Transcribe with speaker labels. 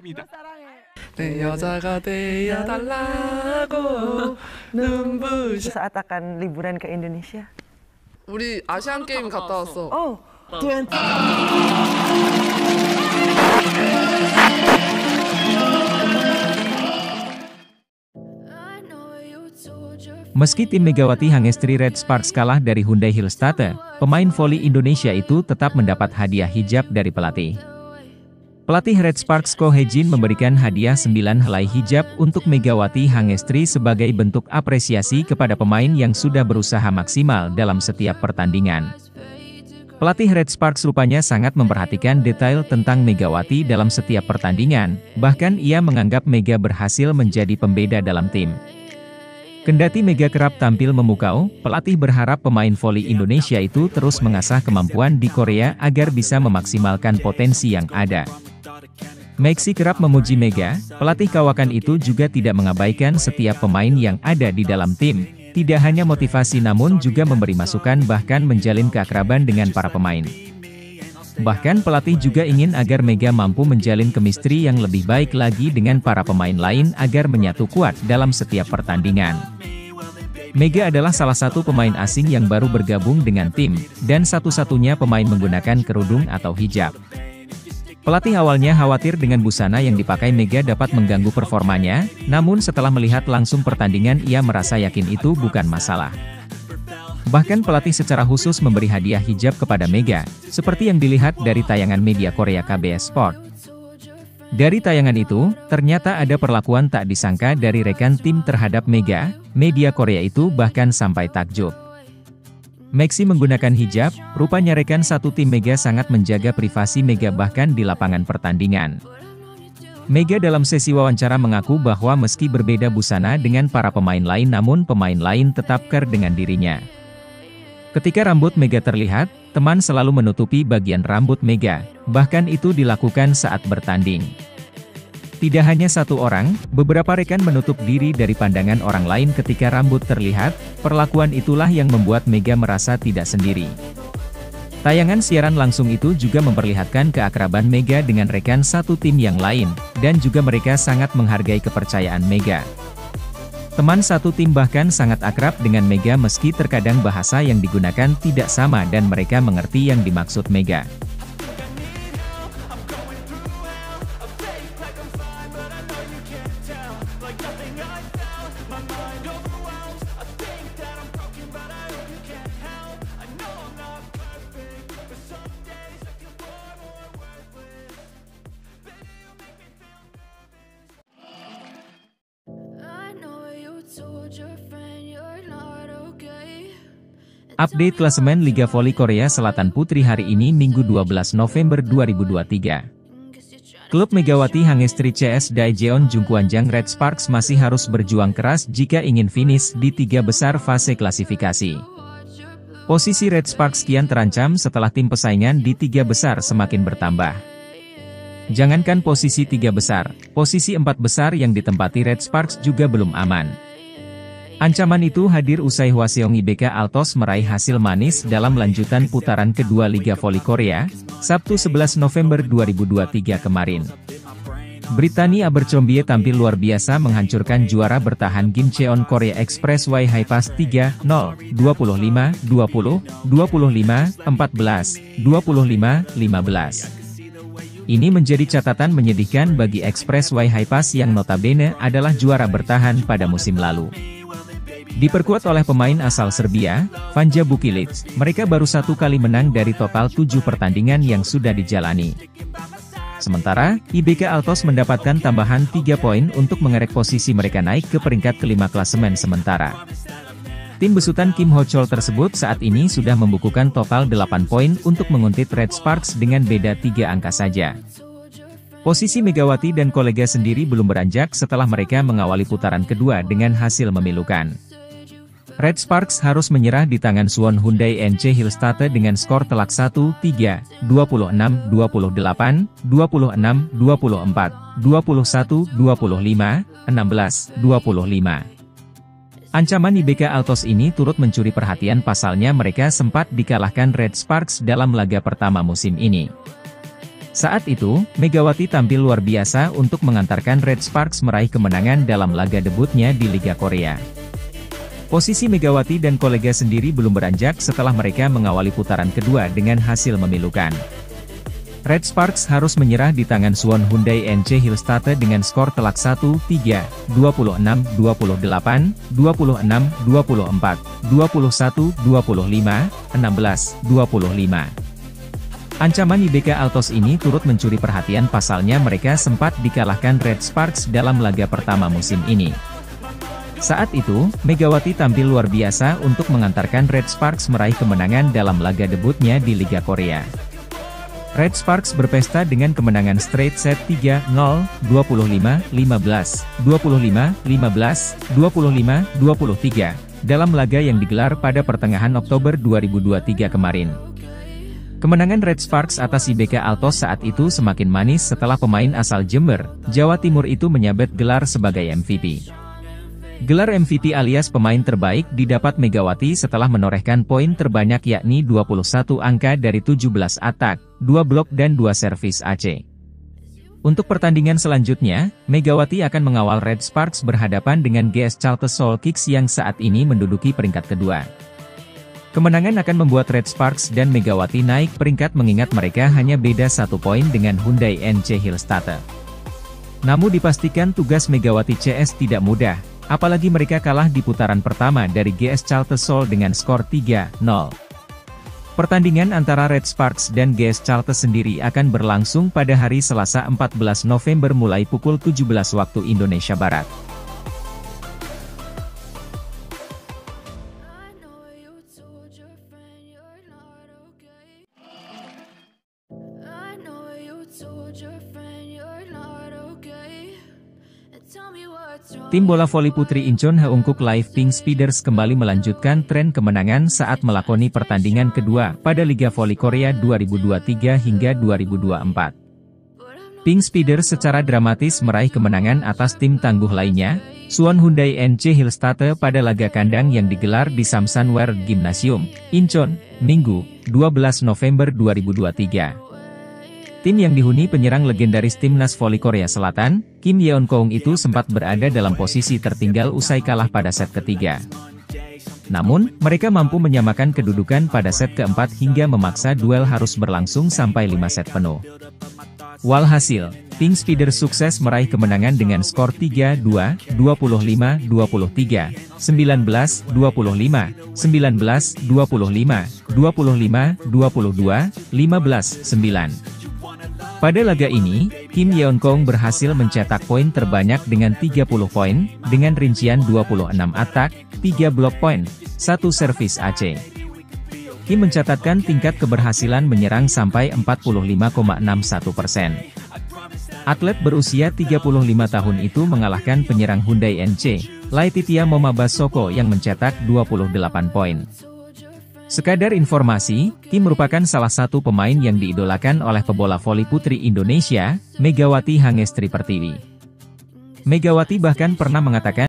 Speaker 1: 입니다. 내 여자가 되어 달라고 눈부셔. Saat akan liburan ke Indonesia. 우리 아시안 게임 갔다 왔어. 어. 도연. Meski tim Megawati Hang Estri Red Sparks kalah dari Hyundai Hillstate, pemain voli Indonesia itu tetap mendapat hadiah hijab dari pelatih. Pelatih Red Sparks Ko Hejin memberikan hadiah 9 helai hijab untuk Megawati Hangestri sebagai bentuk apresiasi kepada pemain yang sudah berusaha maksimal dalam setiap pertandingan. Pelatih Red Sparks rupanya sangat memperhatikan detail tentang Megawati dalam setiap pertandingan, bahkan ia menganggap Mega berhasil menjadi pembeda dalam tim. Kendati Mega kerap tampil memukau, pelatih berharap pemain voli Indonesia itu terus mengasah kemampuan di Korea agar bisa memaksimalkan potensi yang ada. Maxi kerap memuji Mega, pelatih kawakan itu juga tidak mengabaikan setiap pemain yang ada di dalam tim, tidak hanya motivasi namun juga memberi masukan bahkan menjalin keakraban dengan para pemain. Bahkan pelatih juga ingin agar Mega mampu menjalin kemistri yang lebih baik lagi dengan para pemain lain agar menyatu kuat dalam setiap pertandingan. Mega adalah salah satu pemain asing yang baru bergabung dengan tim, dan satu-satunya pemain menggunakan kerudung atau hijab. Pelatih awalnya khawatir dengan busana yang dipakai Mega dapat mengganggu performanya, namun setelah melihat langsung pertandingan ia merasa yakin itu bukan masalah. Bahkan pelatih secara khusus memberi hadiah hijab kepada Mega, seperti yang dilihat dari tayangan media Korea KBS Sport. Dari tayangan itu, ternyata ada perlakuan tak disangka dari rekan tim terhadap Mega, media Korea itu bahkan sampai takjub. Maxi menggunakan hijab, rupanya rekan satu tim Mega sangat menjaga privasi Mega bahkan di lapangan pertandingan. Mega dalam sesi wawancara mengaku bahwa meski berbeda busana dengan para pemain lain namun pemain lain tetap ker dengan dirinya. Ketika rambut Mega terlihat, teman selalu menutupi bagian rambut Mega, bahkan itu dilakukan saat bertanding. Tidak hanya satu orang, beberapa rekan menutup diri dari pandangan orang lain ketika rambut terlihat, perlakuan itulah yang membuat Mega merasa tidak sendiri. Tayangan siaran langsung itu juga memperlihatkan keakraban Mega dengan rekan satu tim yang lain, dan juga mereka sangat menghargai kepercayaan Mega. Teman satu tim bahkan sangat akrab dengan Mega meski terkadang bahasa yang digunakan tidak sama dan mereka mengerti yang dimaksud Mega. Update klasemen Liga Voli Korea Selatan Putri hari ini Minggu 12 November 2023. Klub Megawati Hangestri CS Daejeon Jungkwanjang Red Sparks masih harus berjuang keras jika ingin finish di tiga besar fase klasifikasi. Posisi Red Sparks kian terancam setelah tim pesaingan di tiga besar semakin bertambah. Jangankan posisi tiga besar, posisi empat besar yang ditempati Red Sparks juga belum aman. Ancaman itu hadir usai Hwaseong IBK Altos meraih hasil manis dalam lanjutan putaran kedua Liga Voli Korea, Sabtu 11 November 2023 kemarin. Britania Abercrombie tampil luar biasa menghancurkan juara bertahan Kim Cheon Korea Express Y High Pass 3-0, 25, 20, 25, 14, 25, 15. Ini menjadi catatan menyedihkan bagi Express Y High Pass yang notabene adalah juara bertahan pada musim lalu. Diperkuat oleh pemain asal Serbia, Vanja Bukilic, mereka baru satu kali menang dari total tujuh pertandingan yang sudah dijalani. Sementara, IBK Altos mendapatkan tambahan tiga poin untuk mengerek posisi mereka naik ke peringkat kelima klasemen sementara. Tim besutan Kim Ho Chol tersebut saat ini sudah membukukan total 8 poin untuk menguntit Red Sparks dengan beda tiga angka saja. Posisi Megawati dan kolega sendiri belum beranjak setelah mereka mengawali putaran kedua dengan hasil memilukan. Red Sparks harus menyerah di tangan Suwon Hyundai NC Hillstate dengan skor telak 1-3, 26-28, 26-24, 21-25, 16-25. Ancaman IBK Altos ini turut mencuri perhatian pasalnya mereka sempat dikalahkan Red Sparks dalam laga pertama musim ini. Saat itu, Megawati tampil luar biasa untuk mengantarkan Red Sparks meraih kemenangan dalam laga debutnya di Liga Korea. Posisi Megawati dan kolega sendiri belum beranjak setelah mereka mengawali putaran kedua dengan hasil memilukan. Red Sparks harus menyerah di tangan Suwon Hyundai NC Hillstate dengan skor telak 1, 3, 26, 28, 26, 24, 21, 25, 16, 25. Ancaman IBK Altos ini turut mencuri perhatian pasalnya mereka sempat dikalahkan Red Sparks dalam laga pertama musim ini. Saat itu, Megawati tampil luar biasa untuk mengantarkan Red Sparks meraih kemenangan dalam laga debutnya di Liga Korea. Red Sparks berpesta dengan kemenangan straight set 3-0, 25-15, 25-15, 25-23, dalam laga yang digelar pada pertengahan Oktober 2023 kemarin. Kemenangan Red Sparks atas IBK Altos saat itu semakin manis setelah pemain asal Jember, Jawa Timur itu menyabet gelar sebagai MVP. Gelar MVP alias pemain terbaik didapat Megawati setelah menorehkan poin terbanyak yakni 21 angka dari 17 atak, 2 blok dan 2 servis AC. Untuk pertandingan selanjutnya, Megawati akan mengawal Red Sparks berhadapan dengan GS Charles Soul Kicks yang saat ini menduduki peringkat kedua. Kemenangan akan membuat Red Sparks dan Megawati naik peringkat mengingat mereka hanya beda satu poin dengan Hyundai NC Hillstatter. Namun dipastikan tugas Megawati CS tidak mudah, apalagi mereka kalah di putaran pertama dari GS Chaltesol Seoul dengan skor 3-0. Pertandingan antara Red Sparks dan GS Chalte sendiri akan berlangsung pada hari Selasa 14 November mulai pukul 17 waktu Indonesia Barat. Tim bola voli putri Incheon Heungkuk Live Pink Speeders kembali melanjutkan tren kemenangan saat melakoni pertandingan kedua pada Liga Voli Korea 2023 hingga 2024. Pink Speeders secara dramatis meraih kemenangan atas tim tangguh lainnya, Suwon Hyundai NC Hillstate pada laga kandang yang digelar di Samsung World Gymnasium, Incheon, Minggu, 12 November 2023. Tim yang dihuni penyerang legendaris timnas voli Korea Selatan, Kim Yeon Kong itu sempat berada dalam posisi tertinggal usai kalah pada set ketiga. Namun, mereka mampu menyamakan kedudukan pada set keempat hingga memaksa duel harus berlangsung sampai lima set penuh. Walhasil, Pink Speeder sukses meraih kemenangan dengan skor 3-2, 25-23, 19-25, 19-25, 25-22, 15-9. Pada laga ini, Kim Yeon Kong berhasil mencetak poin terbanyak dengan 30 poin, dengan rincian 26 atak, 3 blok poin, 1 servis AC. Kim mencatatkan tingkat keberhasilan menyerang sampai 45,61 persen. Atlet berusia 35 tahun itu mengalahkan penyerang Hyundai NC, Momaba Soko yang mencetak 28 poin. Sekadar informasi, Kim merupakan salah satu pemain yang diidolakan oleh pebola voli putri Indonesia, Megawati Hangestri Pertiwi. Megawati bahkan pernah mengatakan,